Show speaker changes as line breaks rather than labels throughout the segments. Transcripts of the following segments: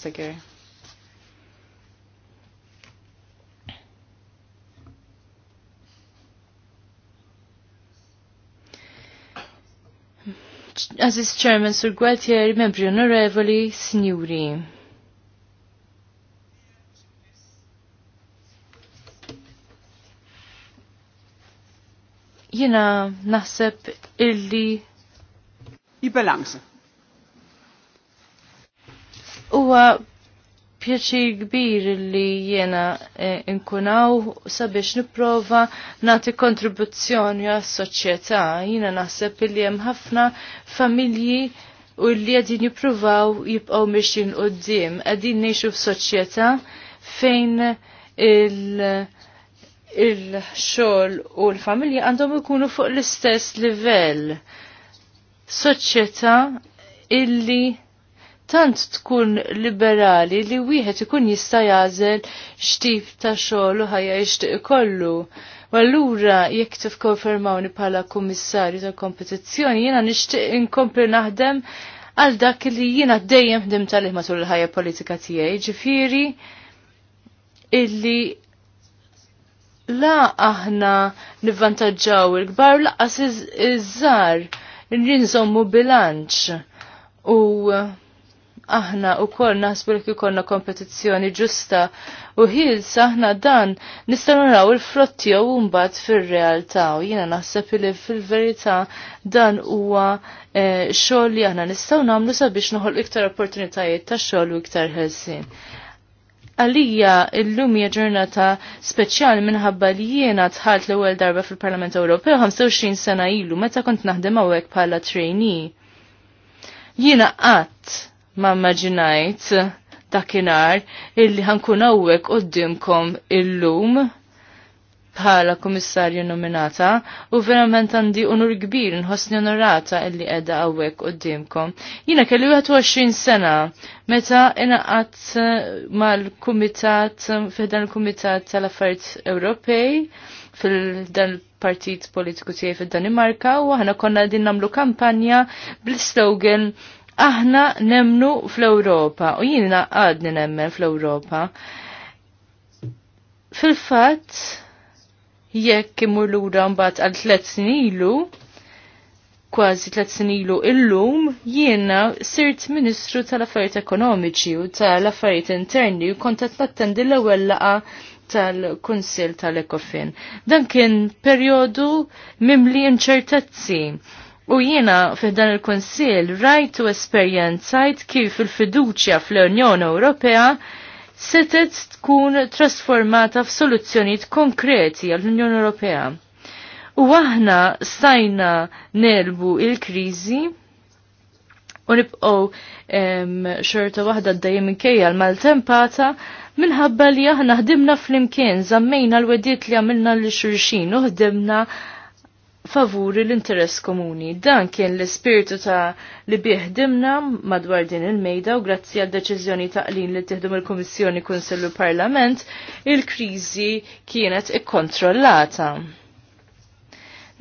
Seger. Aziz Chairman Sir Gualtieri, membri onorevoli, signori. Jena naħseb illi. I Jibalansa huwa pjaċi kbir li jena eh, inkunaw sabiex niprofa nati kontribuzzjoni għas soċjetà Jena naħseb li hemm ħafna familji u li għadin jipruvaw jibqaw miexin u d-dim. Għadin neċu f-soċieta fejn il-xol u l-familja għandhom ikunu fuq l-istess livell. Soċieta illi tant tkun liberali li wieħed ikun jista' jażel x'tip ta' xogħol u ħajja jixtieq ikollu. Allura jekk tifkonfermawni bħala kummissarju tal kompetizzjoni jiena nixtieq inkompli naħdem għal dak li jiena dejjem ħdim tal matul il-ħajja politika tiegħi, ġifieri illi la aħna nivvantaġġaw il-kbar laqas iż-żar ninżommu bilanċ u aħna u kol naħsbu li kikonna kompetizzjoni ġusta u hil aħna dan nistaw naraw il frotti jew mbagħad fir-realtà u jiena naħseb li fil-verità dan huwa eh, xogħol li aħna nistgħu nagħmlu sabiex noħol iktar opportunitajiet ta' xogħol u iktar ħelsien. Għalija illum hija ġurnata speċjali minħabba li jiena tħalt l-ewwel darba fil-Parlament Ewropew 25 sena ilu meta kont naħdem hawnhekk bħala trainee. Jiena qatt ma maġinajt dakinar illi ħankun għawek qoddimkom illum bħala komissarju nominata u verament għandi unur kbir nħossni onorata illi edha għawek qoddimkom. Jina kelli 21 sena meta inaqat mal-kumitat, fiħdan il-kumitat tal-affarijiet Ewropej fil-dan partit politiku tiegħi fid-Danimarka u aħna konna din nagħmlu kampanja bl-slogan Aħna nemnu fl-Ewropa u jiena għadni nemmen fl-Ewropa. Fil-fatt, jekk imur lura mbagħad għal tliet snilu, kważi tliet snilu illum, jiena sirt Ministru tal-Affarijiet Ekonomiċi u tal-Affarijiet Interni u kont qed nattendi l-ewwel laqa tal-Kunsil tal-Ekofin. Dan kien perjodu mimli inċertezzi U jiena fiħdan il-Konsil rajt u esperjenzajt kif il-fiduċja fl-Unjoni Ewropea setet tkun trasformata f'soluzzjonijiet konkreti għall-Unjoni Ewropea. U aħna stajna nerbu il-kriżi u nibqgħu xorta waħda d-dajem minkejja l-maltempata minħabba li aħna ħdimna fl-imkien, zammejna l-wediet li għamilna l-xurxin u ħdimna favuri l-interess komuni. Dan kien l-ispirtu ta' li bieħdimna madwar din il-mejda u grazzi għal deċiżjoni ta' lin li tiħdum il-Komissjoni Kunsellu Parlament, il-krizi kienet ikkontrollata.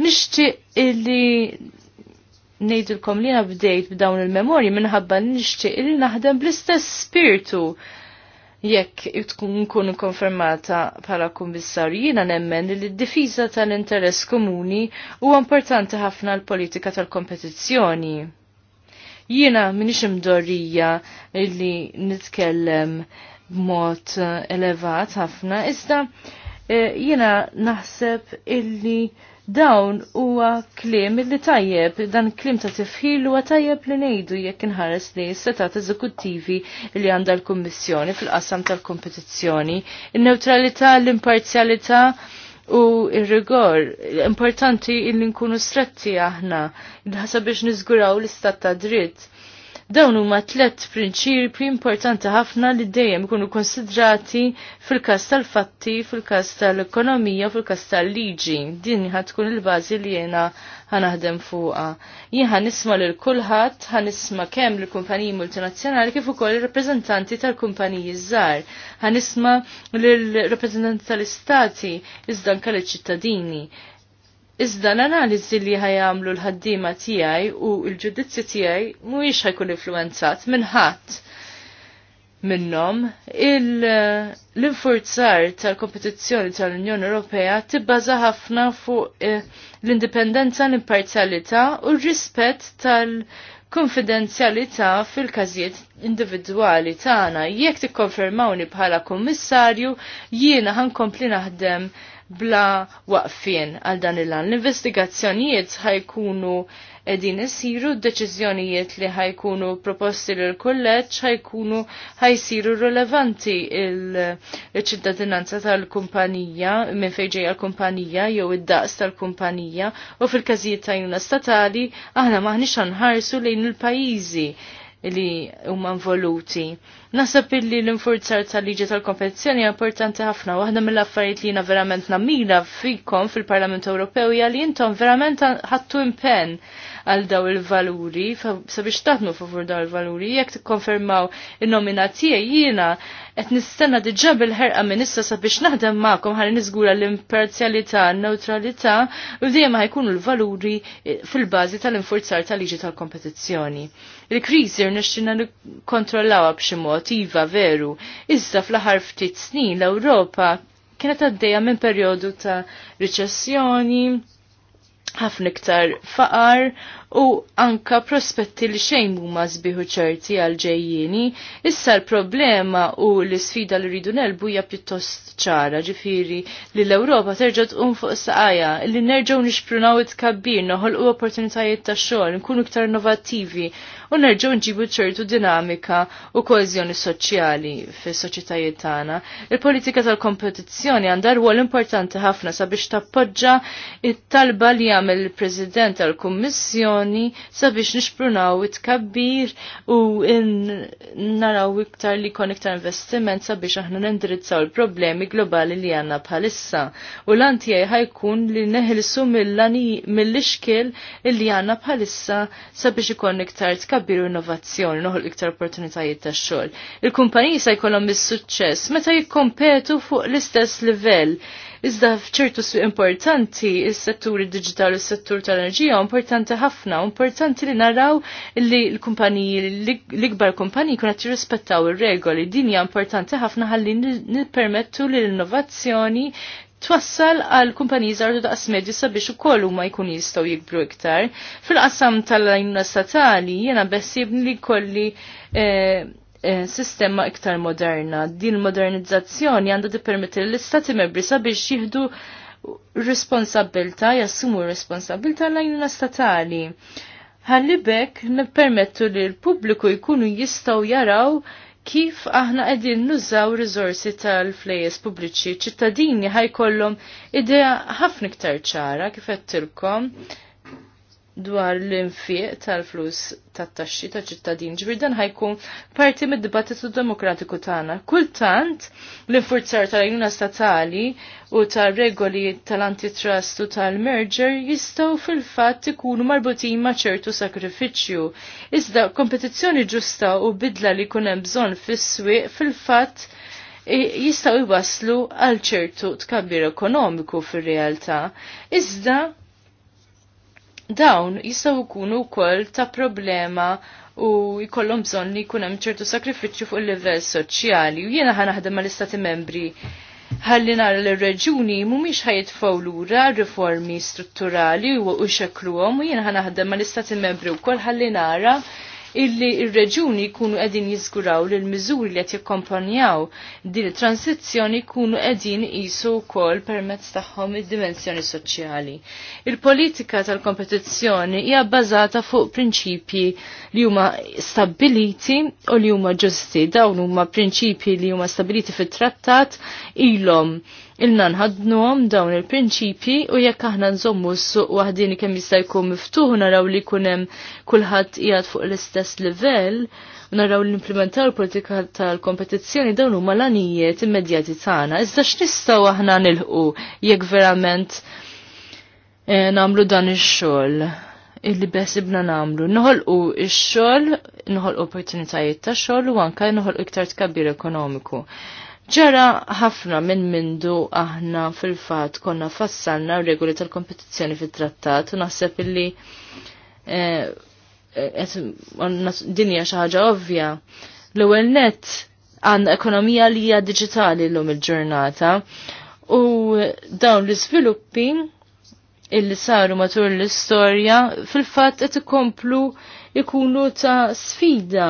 Nixtieq illi ngħidilkom li bdejt b'dawn il-memorji minħabba nixtieq illi naħdem bl-istess spiritu jekk tkun kun konfermata bħala kummissarju jiena nemmen li d-difiża tal-interess komuni huwa importanti ħafna l-politika tal-kompetizzjoni. Jiena minix imdorrija li nitkellem b'mod elevat ħafna, iżda eh, jiena naħseb illi Dawn huwa klim li tajjeb, dan klim ta' tifħil huwa tajjeb li ngħidu jekk inħares li setat eżekuttivi li għandha l-Kummissjoni fil-qasam tal-kompetizzjoni. In-neutralità, l-imparzjalità u ir-rigor importanti illi nkunu stretti aħna, il-ħasab biex niżguraw l-istat ta' dritt Dawn huma tliet prinċipi importanti ħafna li dejjem ikunu konsidrati fil-każ tal-fatti, fil-każ tal-ekonomija, fil-każ tal-liġi. Din ħad tkun il-bażi li jiena ħanaħdem fuqha. Jien nisma lil kulħadd, nisma kemm lill kumpaniji multinazzjonali kif ukoll ir-rappreżentanti tal-kumpaniji żgħar. Ħanisma lill rappreżentanti tal-istati iżda anke lill-ċittadini Iżda l-analiżi li ħajamlu l-ħaddima tiegħi u l tijaj tiegħi mhuwiex ħajkun influenzat minn ħadd minnhom l-infurzar tal-kompetizzjoni tal-Unjoni Ewropea tibbaża ħafna fuq eh, l-indipendenza, l-imparzjalità u r-rispett tal- konfidenzjalità fil-każijiet individwali tagħna. Jekk tikkonfermawni bħala kummissarju, jiena ħankompli naħdem bla waqfien għal dan il-għan. L-investigazzjonijiet ħajkunu edin isiru d-deċizjonijiet li ħajkunu proposti l kulleġġ ħajkunu ħajsiru relevanti il-ċittadinanza tal-kumpanija minn fejġej għal-kumpanija jew id-daqs tal-kumpanija u fil-każijiet tajuna statali aħna maħniex ħanħarsu lejn il-pajjiżi li huma involuti. Nasab illi l-infurzar tal-liġi tal-kompetizzjoni importanti ħafna u waħda mill-affarijiet li jiena verament namila fikom fil-Parlament Ewropew hija li intom verament ħattu impenn għal daw il-valuri, sabiex taħnu favur daw il-valuri, jekk tikkonfermaw il-nomina jina, et qed nistenna diġà bil-ħerqa minissa sabiex naħdem magħkom ħalli niżgura l-imparzjalità, n-neutralità u dejjem ħajkunu l-valuri eh, fil-bażi tal-infurzar tal-liġi tal-kompetizzjoni. Il-kriżi rnexxina nikkontrollawha b'xi mod iva veru, iżda fl-aħħar ftit snin l-Ewropa kienet għaddejja minn perjodu ta' riċessjoni, ħafna iktar faqar u anka prospetti li xejn huma sbiħu ċerti għal ġejjini. issa l-problema u l-sfida li rridu nelbu hija pjuttost ċara, ġifieri li l-Ewropa terġa' tqum fuq saqajja, li nerġgħu nixprunaw it-kabbir, noħolqu opportunitajiet ta' xogħol, nkunu iktar innovattivi u nerġgħu nġibu ċertu dinamika u koeżjoni soċjali fis-soċjetajiet tagħna. Il-politika tal-kompetizzjoni għandha rwol importanti ħafna sabiex tappoġġa it-talba li jagħmel il-President tal-Kummissjoni azzjoni sabiex nixprunaw it-kabbir u naraw iktar li kon iktar investiment sabiex aħna nindirizzaw il-problemi globali li għanna bħalissa. U l-antijaj ħajkun li neħilsu mill-ixkil li għanna bħalissa sabiex ikon iktar tkabbir u innovazzjoni, noħol iktar opportunitajiet ta' xogħol. Il-kumpaniji sa jkollhom is-suċċess meta jikkompetu fuq l-istess livell Iżda fċertu su importanti il-settur digital u s-settur tal-enerġija importanti ħafna, importanti li naraw li l-kumpaniji, l-ikbar kumpaniji kunat jirrispettaw il-regoli, din hija importanti ħafna ħalli nippermettu li l-innovazzjoni twassal għal kumpaniji żgħar daqs medju sabiex ukoll ma jkun jistgħu jikbru iktar. Fil-qasam tal-għajnuna statali jiena bessibni li kolli eh, Eh, sistema iktar moderna. Din modernizzazzjoni għandha tippermetti l-istati membri sabiex jieħdu responsabilta, jassumu responsabilta l-għajnuna statali. Għallibek nippermettu li l-pubbliku jkunu jistaw jaraw kif aħna qegħdin nużaw rizorsi tal-flejes pubbliċi ċittadini ħajkollhom idea ħafna iktar ċara kif qed tilkom dwar l-infiq tal-flus tat-taxxi ta' ċittadin ġbir dan ħajkun parti mid-dibattitu demokratiku tagħna. Kultant l-infurzar tal-għajnuna statali u tal-regoli tal-antitrust u tal-merger jistgħu fil-fatt ikunu marbutin ma' ċertu sakrifiċċju. Iżda kompetizzjoni ġusta u bidla li jkun hemm bżonn fis-swieq fil-fatt jistgħu jwaslu għal ċertu tkabbir ekonomiku fir-realtà. Iżda dawn jistgħu jkunu wkoll ta' problema u jkollhom bżonn li jkun hemm ċertu sakrifiċċju fuq il-livell soċjali u jiena ħadem mal-istati membri ħalli nara l-reġuni mhumiex ħajitfgħu lura riformi strutturali u xekruhom u ħana ħadem mal-istati membri wkoll ħalli nara illi il reġuni jkunu qegħdin jiżguraw li l-miżuri li qed jikkompanjaw din it-transizzjoni jkunu qegħdin qisu wkoll permezz tagħhom id-dimensjoni soċjali. Il-politika tal-kompetizzjoni hija bbażata fuq prinċipji li huma stabiliti u li huma ġusti dawn huma prinċipji li huma stabiliti fit-trattat ilhom ilna għom dawn il-prinċipji u jekk aħna nżommu s-suq waħdini kemm jista' jkun miftuħ naraw li jkun hemm kulħadd fuq l-istess livell naraw l-implementaw l-politika tal-kompetizzjoni dawn huma malanijiet immedjati tagħna. Iżda x'nistgħu aħna nilħu jekk verament eh, nagħmlu dan ix-xogħol illi besibna namlu. Nħolqu ix-xogħol, nħolqu opportunitajiet ta' xogħol u anke nħolqu iktar tkabbir ekonomiku. Ġara ħafna minn mindu aħna fil-fat konna fassanna regoli tal-kompetizzjoni fit-trattat u naħseb illi eh, eh, dinja xaħġa ovvja. L-ewwel net għan ekonomija li hija diġitali l-lum il-ġurnata u dawn l-iżviluppi illi saru matul l-istorja fil-fatt qed ikomplu ikunu ta' sfida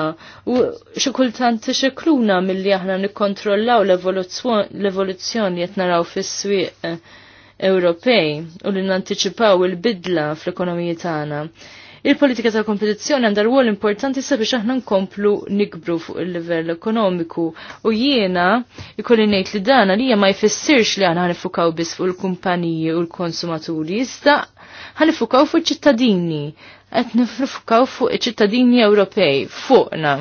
u xikultant xekluna mill-li aħna nikkontrollaw l-evoluzzjoni jett naraw fis-swieq eh, Ewropej u li nanticipaw il-bidla fl-ekonomiji tagħna. Il-politika ta' kompetizzjoni għandha rwol importanti sabiex aħna nkomplu nikbru fuq il-livell ekonomiku u jiena ikolli ngħid li dan għalija ma jfissirx li aħna ħanifukaw biss fuq il-kumpaniji u l-konsumaturi, iżda ħanifukaw fuq ċittadini qed nifrifkaw fuq iċ-ċittadini Ewropej fuqna.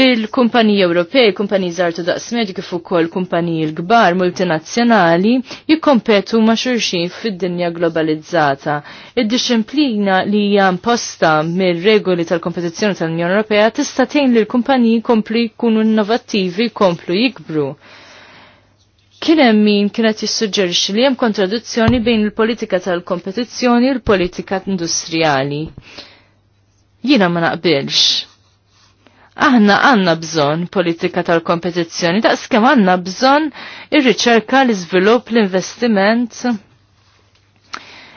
Il-kumpaniji Ewropej, kumpaniji żartu daqs kif ukoll kumpaniji l-kbar multinazzjonali jikkompetu ma' xulxin fid-dinja globalizzata. Id-disciplina li hija imposta mir-regoli tal-kompetizzjoni tal-Unjoni Ewropea tista' tgħin li l-kumpaniji komplu jkunu innovattivi komplu jikbru kien hemm min kienet jissuġġerixxi li hemm kontradizzjoni bejn il-politika tal-kompetizzjoni u l-politika industrijali. Jiena ma naqbilx. Aħna għanna bżonn politika tal-kompetizzjoni, daqskemm għandna għanna ir-riċerka, l iżvilupp l-investiment,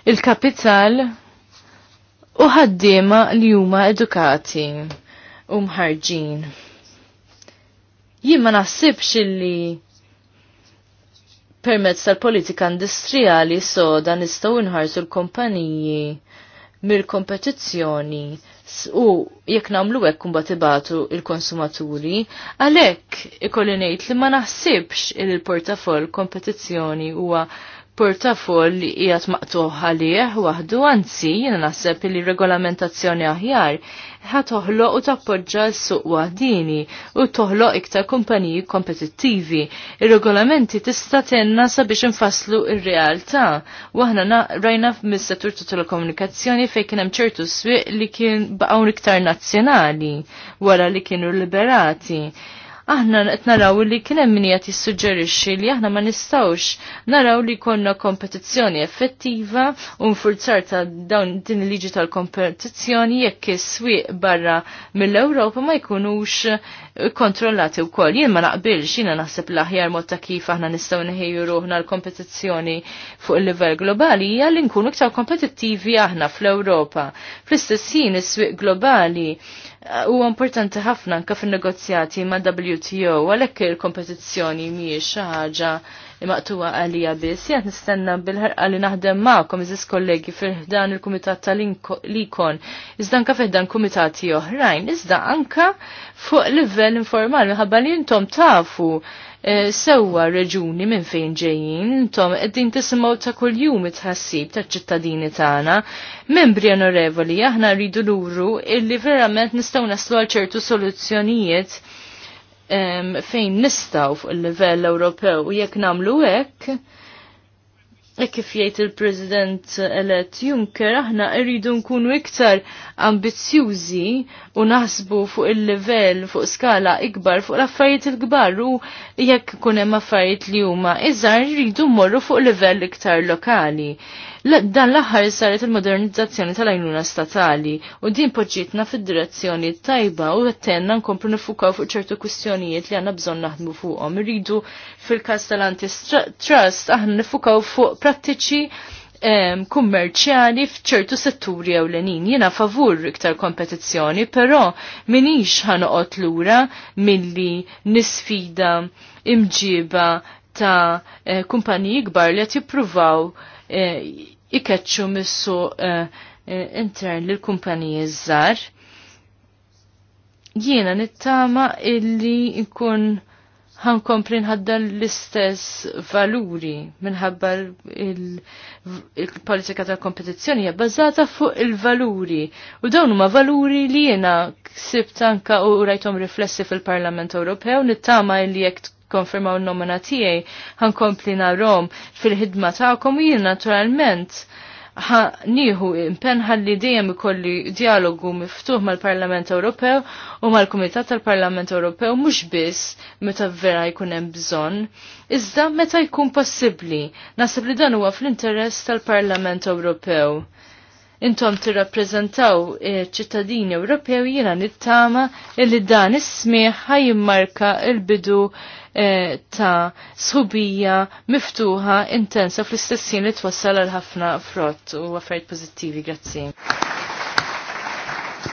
il-kapital u ħaddiema li huma edukati u mħarġin. Jien ma naħsibx illi permezz tal-politika industrijali soda nistgħu nħarsu l-kumpaniji mill-kompetizzjoni u jekk nagħmlu hekk kumbat ibatu il-konsumaturi, għalhekk ikolli ngħid li ma naħsibx il portafoll kompetizzjoni huwa portafol li jgħat maqtuħ għalieħ wahdu għanzi jina naħseb li regolamentazzjoni aħjar ħat toħloq u tappoġġa s-suq wahdini u toħloq iktar kumpaniji kompetittivi. Ir-regolamenti tista' tenna sabiex infasslu ir-realtà. Waħna rajna mis-settur ta' telekomunikazzjoni fejn kien hemm ċertu swieq li kien baqgħu iktar nazzjonali wara li kienu liberati aħna qed naraw li kien hemm min qed jissuġġerixxi li aħna ma nistgħux naraw li konna kompetizzjoni effettiva u nfurzar ta' dawn din il-liġi tal-kompetizzjoni jekk is-swieq barra mill-Ewropa ma jkunux kontrollati wkoll. Jien ma naqbilx jiena naħseb l-aħjar mod ta' kif aħna nistgħu neħejju ruħna l-kompetizzjoni fuq il-livell globali hija li nkunu iktar kompetittivi aħna fl-Ewropa. Fl-istess ħin is-swieq globali globali Uh, huwa importanti ħafna anke fin-negozjati ma' WTO għalhekk il-kompetizzjoni mhijiex xi ħaġa Imaqtuwa għalija biss. Jgħat nistenna bil-ħarqa li naħdem maqom iżis kollegi fil-ħdan il-Kumitat tal-Likon, iżda anka fil-ħdan kumitati oħrajn, iżda anka fuq livell informal, minħabba li intom tafu e, sewa reġuni minn fejn ġejjin, intom qegħdin tisimgħu ta' kuljum jum ħassib taċ-ċittadini tagħna, membri onorevoli aħna rridu luru illi verament nistgħu naslu għal ċertu soluzzjonijiet fejn nistaw fuq il-livell Ewropew u jekk namlu hekk e kif jgħid il-President elett Juncker aħna rridu nkunu iktar ambizzjużi u naħsbu fuq il-livell fuq skala ikbar fuq l-affarijiet il-kbar u jekk kun hemm affarijiet li huma iżgħar rridu mmorru fuq livell iktar lokali dan l-aħħar saret il-modernizzazzjoni tal-għajnuna statali u din poġġitna fid-direzzjoni tajba u għattenna nkomplu nifukaw fuq ċertu kwistjonijiet li għanna bżon naħdmu fuqhom. Rridu fil-kas tal antistrust aħna nifukaw fuq prattiċi kummerċjali f'ċertu setturi ewlenin. Jiena favur iktar kompetizzjoni, però minix ħanoqot lura milli nisfida imġiba ta' eh, kumpaniji kbar li qed jippruvaw Eh, ikkeċċu missu eh, eh, intern lil kumpaniji żgħar. Jiena nittama illi nkun ħankompli nħaddar l-istess valuri minħabba il-politika tal kompetizzjoni hija bbażata fuq il-valuri. U dawn huma valuri li jiena ksibt anka u rajthom riflessi fil-Parlament Ewropew nittama illi jekk konfirmaw n-nomina tiegħi ħankompli rom fil-ħidma tagħkom u jien naturalment nieħu impenn ħalli dejjem ikolli dialogu miftuħ mal-Parlament Ewropew u mal-Kumitat tal-Parlament Ewropew mhux biss meta vera jkun hemm bżonn, iżda meta jkun possibbli. Nasib li dan huwa fl-interess tal-Parlament Ewropew intom tirrappreżentaw eh, ċittadini Ewropew jiena nittama illi dan is-smieħ ħajimmarka l-bidu eh, ta' sħubija miftuħa intensa fl-istessin li twassal għal ħafna frott u affarijiet pożittivi. Grazzi.